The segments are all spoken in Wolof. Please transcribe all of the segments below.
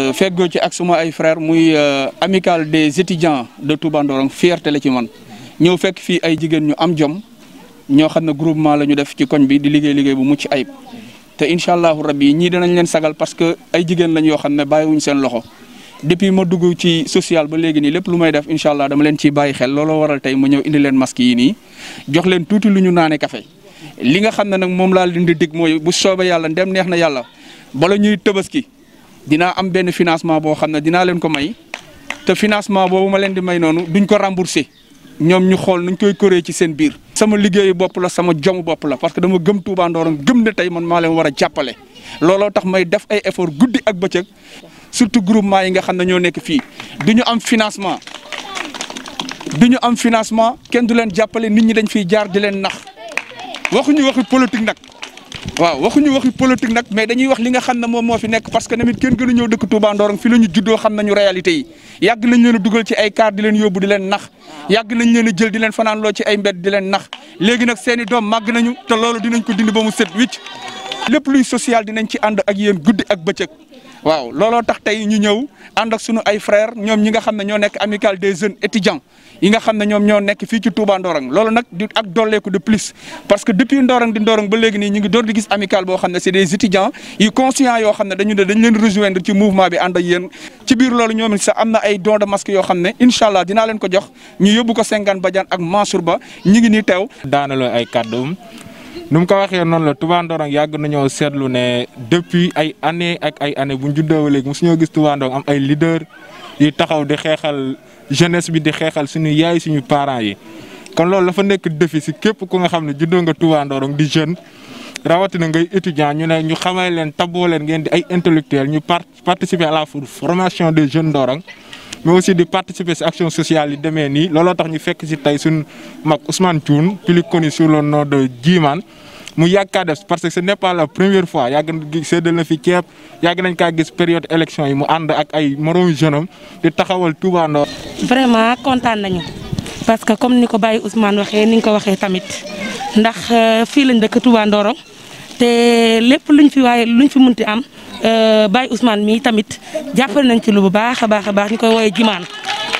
Euh, feggoo ci ak suma ay frère muy euh, amicale des étudiants de Touba Ndorong fierté la ci man ñëw fekk fii ay jigéen ñu am jom ñoo xam ne groupement la ñu def ci koñ bi di liggéey liggéey bu mucc ayib te incha allahu rabbi ñii danañ leen sagal parce que ay jigéen lañ yoo xam ne bàyyiwuñ seen loxo depuis ma dugg ci sociale ba léegi nii lépp lu may def incha allah dama leen ciy bàyyi xel looloo waral tey ma ñëw indi leen masque yi nii joxleen tuuti lu ñu naane café li nga xam ne nag moom laa leen di dig mooy bu soobee yàlla ndem neex na yàlla dinaa am benn financement boo xam ne dinaa leen ko may te financement boobu ma leen di may noonu duñ ko rembourser ñoom ñu xool nuñ koy koree ci seen biir. sama liggéeyu bopp la sama jomu bopp la parce que dama gëm Touba Ndorong gëm ne tey man maa leen war a jàppale looloo tax may def ay effort guddi ak bëccëg surtout groupement yi nga xam ne ñoo nekk fii du ñu am financement. du ñu am financement kenn du leen jàppale nit ñi dañ fiy jaar di leen nax wax waxi politique nag. waaw waxuñu waxi politique nag mais dañuy wax li nga xam ne moom moo fi nekk parce que tamit kenn gën a ñëw dëkk Touba Ndorong fi la ñu juddoo xam nañu réalité yi yàgg lañ leen dugal ci ay kaar di leen yóbbu di leen nax yàgg lañ leen a jël di leen fanaanloo ci ay mbedd di leen nax léegi nag seeni i doom màgg nañu te loolu dinañ ko dindi ba mu set wicc lépp luy social dinañ ci ànd ak yéen guddi ak bëccëg waaw looloo tax tey ñu ñëw ànd ak sunu ay frères ñoom ñi nga xam ne ñoo nekk amicale des jeunes étudiants yi nga xam ne ñoom ñoo nekk fii ci Touba Ndorong loolu nag di ak dolleeku de plus parce que depuis Ndorong di Ndorong ba léegi nii ñu ngi door di gis amical boo xam ne c'est des étudiants yu conscients yoo xam ne dañu ne dañ leen rejoindre ci mouvement bi ànd a yéen ci biir loolu ñoom sax am na ay dons de masque yoo xam ne incha allah dinaa leen ko jox ñu yóbbu ko Sengane Badiane ak Mansour Ba ñu ngi nii teew daanaloo ay kàddu nu mu ko waxee noonu la Touba Ndorong yàgg nañoo seetlu ne depuis ay années ak ay années bu ñu juddoo léegi mosuñoo gis Touba am ay leader yu taxaw di xeexal jeunesse bi di xeexal suñu yaay suñu parents yi. kon loolu fa nekk défi si képp ku nga xam ne juddoo nga Touba di jeune rawatina ngay étudiant ñu ne ñu xamal leen taboo leen ngeen di ay intellectuel ñu participer à la formation de jeunes Ndorong. mais aussi di participer si action sociale yi demee nii looloo tax ñu fekk si tey suñ mag Ousmane Thioune plus connu sous le nom de Djimane mu yàgg kaa def parce que ce n'est pas la première fois yàgg nañ séddal na fi ceeb yàgg nañ ka gis période élection yi mu ànd ak ay moroomi jeune am di taxawal Touba Ndor. vraiment kontaan nañu parce que comme ni ko Baye Ousmane waxee ni nga ko waxee tamit ndax euh, fii lañ dëkk Touba te lépp ñu fi waaye lu ñu fi mun munti am euh, baay Ousmane mii tamit jàppale nañ ci lu bu baax a baax a baax ñu koy woowee jimaan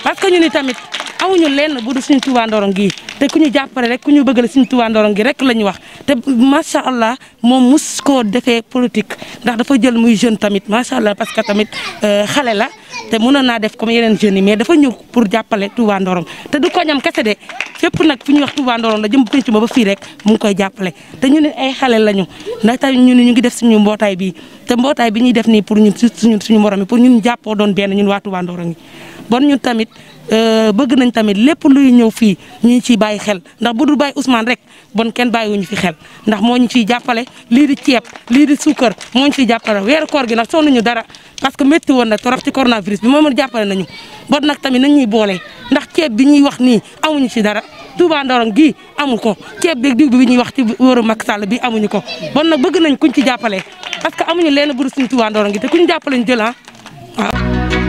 parce que ñu ni tamit awuñu lenn bu dul suñu Touba Ndorong gi te ku ñu jàppale rek ku ñu bëggal suñu suñ Ndorong gi rek la ñu wax te macha allah moom mus ko defee politique ndax dafa jël muy jeune tamit macha allah parce que tamit euh, xale la. te mun mënoon naa def comme yeneen jeunes yi mais dafa ñëw pour jàppale Touba Ndorong te du koñam kese de fépp nag fu ñuy wax Touba Ndorong la jëm ci ma ba fii rek mu ngi koy jàppale te ñu ne ay xale lañu ndax tamit ñu ne ñu ngi def suñu mbootaay bi te mbootaay bi ñuy def nii pour ñun suñu suñu morom yi pour ñun jàppoo doon benn ñun waa Touba yi bon ñu tamit euh, bëgg nañ tamit lépp luy ñëw fii ñu ciy bàyyi xel ndax bu dul bàyyi Ousmane rek bon kenn bàyyiwuñu fi xel ndax moo ñu ciy jàppale lii di ceeb lii di suukar moo ñu ciy jàppale weer koor gi nag sonnuñu dara parce que métti woon na trop ci coronavirus bi moom it jàppale nañu bon nag tamit nañ ñuy boole ndax ceeb bi ñuy wax nii amuñu ci dara Touba Ndorong gii amu ko ceeb bi diw bi ñuy wax ci wóoru Macky Sall bi amuñu ko bon nag bëgg nañ kuñ ci jàppale parce que amuñu leen bu suñu Touba Ndorong gi te kuñ jàppale ñu jël ah waaw